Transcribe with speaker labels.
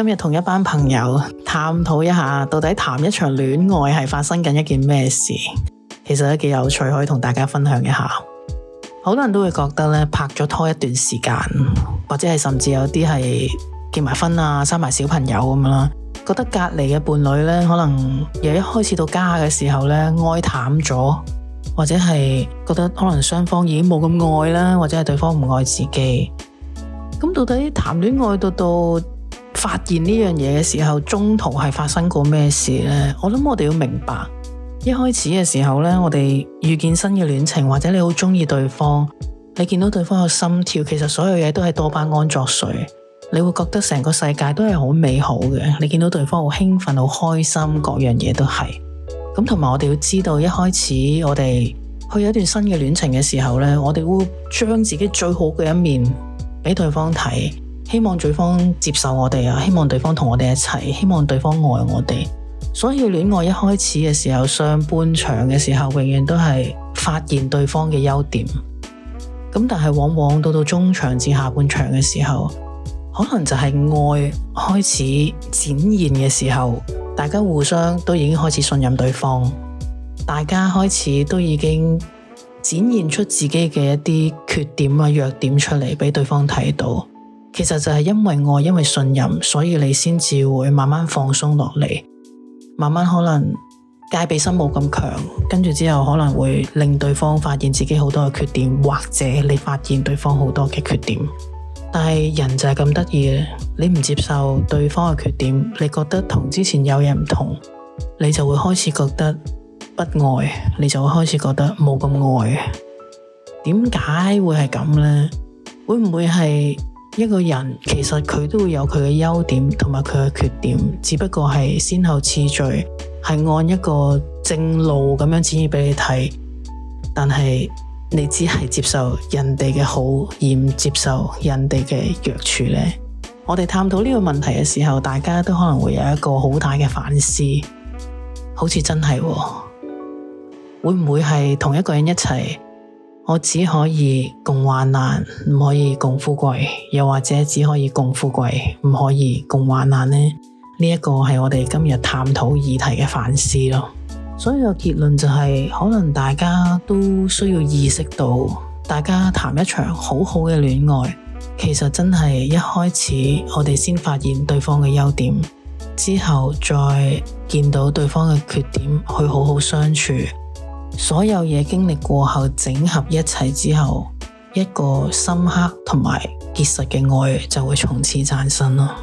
Speaker 1: 今日同一班朋友探討一下，到底談一場戀愛係發生緊一件咩事？其實都幾有趣，可以同大家分享一下。好多人都會覺得咧，拍咗拖一段時間，或者係甚至有啲係結埋婚啊、生埋小朋友咁樣啦，覺得隔籬嘅伴侶咧，可能由一開始到家嘅時候咧，愛淡咗，或者係覺得可能雙方已經冇咁愛啦，或者係對方唔愛自己。咁到底談戀愛到到？發現呢樣嘢嘅時候，中途係發生過咩事呢？我諗我哋要明白，一開始嘅時候呢，我哋遇見新嘅戀情，或者你好中意對方，你見到對方個心跳，其實所有嘢都係多巴胺作祟，你會覺得成個世界都係好美好嘅。你見到對方好興奮、好開心，各樣嘢都係。咁同埋我哋要知道，一開始我哋去有一段新嘅戀情嘅時候呢，我哋會將自己最好嘅一面俾對方睇。希望對方接受我哋啊，希望對方同我哋一齊，希望對方愛我哋。所以戀愛一開始嘅時候，上半場嘅時候，永遠都係發現對方嘅優點。咁但係往往到到中場至下半場嘅時候，可能就係愛開始展現嘅時候，大家互相都已經開始信任對方，大家開始都已經展現出自己嘅一啲缺點啊、弱點出嚟俾對方睇到。其實就係因為愛，因為信任，所以你先至會慢慢放鬆落嚟，慢慢可能戒備心冇咁強，跟住之後可能會令對方發現自己好多嘅缺點，或者你發現對方好多嘅缺點。但係人就係咁得意嘅，你唔接受對方嘅缺點，你覺得同之前有嘢唔同，你就會開始覺得不愛，你就會開始覺得冇咁愛。點解會係咁呢？會唔會係？一個人其實佢都會有佢嘅優點同埋佢嘅缺點，只不過係先後次序係按一個正路咁樣展示俾你睇，但係你只係接受人哋嘅好而唔接受人哋嘅弱處咧。我哋探討呢個問題嘅時候，大家都可能會有一個好大嘅反思，好似真係喎，會唔會係同一個人一齊？我只可以共患難，唔可以共富貴，又或者只可以共富貴，唔可以共患難呢？呢一個係我哋今日探討議題嘅反思咯。所以個結論就係，可能大家都需要意識到，大家談一場好好嘅戀愛，其實真係一開始我哋先發現對方嘅優點，之後再見到對方嘅缺點，去好好相處。所有嘢經歷過後，整合一切之後，一個深刻同埋結實嘅愛就會從此誕生啦。